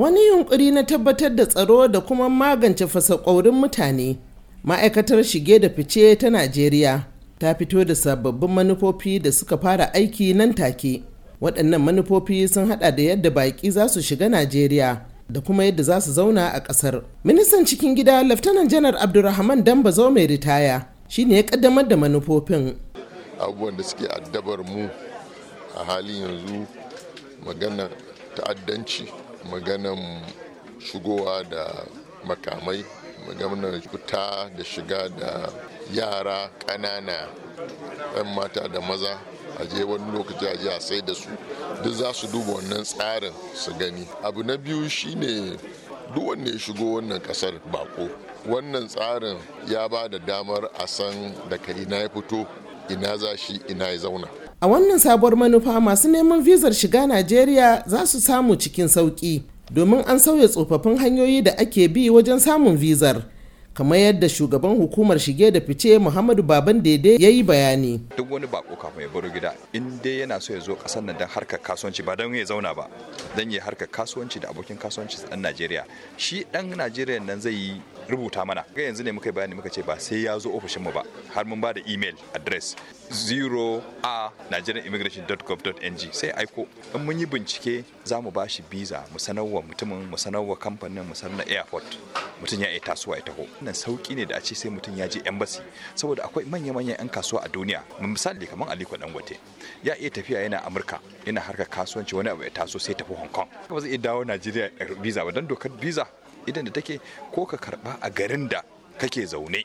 wani yunkuri na tabbatar da tsaro da kuma magance fasakwaurin mutane ma'aikatar shige da fice ta najeriya ta fito da sababbin manufofi da suka fara aiki nan take waɗannan manufofi sun hada da yadda baƙi za su shiga najeriya da kuma yadda za su zauna a ƙasar ministan cikin gida laftanan janar abdulrahman dambazo mai ritaya shine ya kaddamar da manufofin abubuwan da suke addabar mu a halin yanzu maganar ta'addanci maganan shigowa da makamai maganar fita da shiga da yara ƙanana 'yan mata da maza a je wani lokaci a je a sai da su duk za su duba wannan tsarin su gani abu na biyu shine duk wanda ya shigo wannan kasar bako wannan tsarin ya ba da damar a san daga ina ya fito ina za shi ina ya zauna a wannan sabuwar manufa masu neman vizar shiga najeriya za su samu cikin sauki domin an sauya tsofaffin hanyoyi da ake bi wajen samun vizar kamar yadda shugaban hukumar shige da fice muhammadu baban daidai. ya yi bayani duk wani bako kafin ya baro gida in dai yana so ya zo kasar nan don harkar kasuwanci ba don ya zauna ba don ya harkar kasuwanci da abokin kasuwanci dan najeriya shi dan najeriya nan zai yi rubuta mana ga yanzu ne muka bayani muka ce ba sai ya zo ofishin mu ba har mun ba da email address zero a ng. sai aiko in mun yi bincike za mu ba shi visa mu sanarwa mutumin mu sanarwa kamfanin mu sanar airport mutum ya yi tasowa ya taho wannan sauki ne da a ce sai mutum ya je embassy saboda akwai manya-manyan 'yan kasuwa a duniya misali kamar aliko dangote ya iya tafiya yana amurka yana harka kasuwanci wani abu ya taso sai tafi hong kong ba zai iya dawo najeriya eh, visa ba don dokar visa idan da take ko ka karba a garin da kake zaune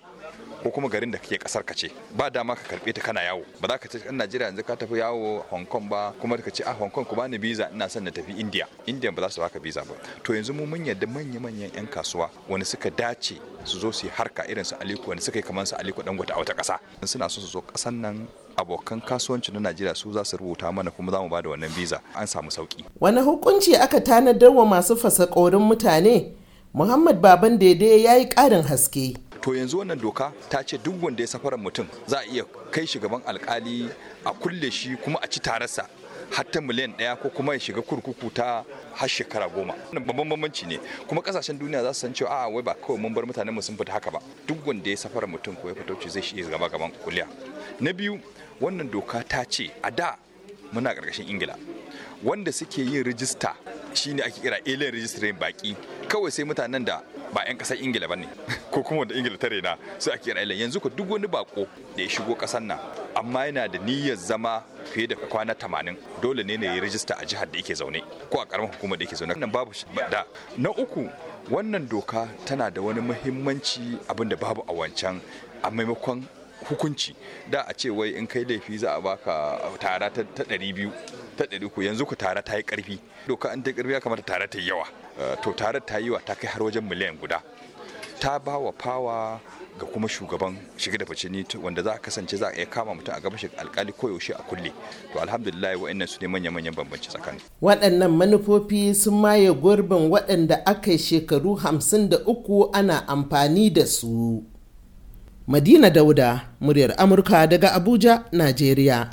ko kuma garin da kake kasar ka ce ba dama ka karbe ta kana yawo ba za ka ce kan Najeriya yanzu ka tafi yawo Hong Kong ba kuma ka ce a ah, Hong Kong ku bani visa ina son na tafi India India ba za su baka visa ba to yanzu mu mun yadda manya-manyan yan kasuwa wani suka dace su zo su yi harka irin su Aliko wani suka yi kamar su Aliko Dangote a wata kasa in suna so su zo kasan nan abokan kasuwanci na Najeriya su za su rubuta mana kuma za mu ba wannan visa an samu sauki wani hukunci aka tanadar wa masu fasa mutane muhammad baban daidai ya yi ƙarin haske to yanzu wannan doka ta ce duk wanda ya safarar mutum za a iya kai shi gaban alkali a kulle shi kuma a ci tararsa hatta miliyan ɗaya ko kuma ya shiga kurkuku ta har shekara goma wannan babban bambanci ne kuma ƙasashen duniya za su san cewa a wai ba kawai mun bar mutanen mu sun fita haka ba duk wanda ya safara mutum ko ya fito zai shiga gaba gaban kuliya na biyu wannan doka ta ce a da muna ƙarƙashin ingila wanda suke yin rijista shine ake kira alien registering baki kawai sai mutanen da ba 'yan kasar ingila ba ne ko kuma wanda ingila ta raina sai ake kira alien yanzu ko duk wani bako da ya shigo kasar nan amma yana da niyyar zama fiye da kwana tamanin dole ne ya yi a jihar da yake zaune ko a karamar hukumar da yake zaune nan babu da na uku wannan doka tana da wani muhimmanci abin da babu a wancan a maimakon hukunci da a ce wai in kai laifi za a baka tara ta 200 ta ɗari uku yanzu ku tara ta yi ƙarfi doka an ta ƙarfi ya kamata tara ta yi yawa eh, to tare ta yi wa ta kai har wajen miliyan guda ta ba wa fawa ga kuma shugaban shiga da fice ni wanda za a kasance za a iya kama mutum a gaba shi alkali yaushe a kulle to alhamdulillah wa'annan su ne manya-manyan bambanci tsakani waɗannan manufofi sun maye gurbin waɗanda aka yi shekaru hamsin da uku ana amfani da su madina dauda muryar amurka daga abuja najeriya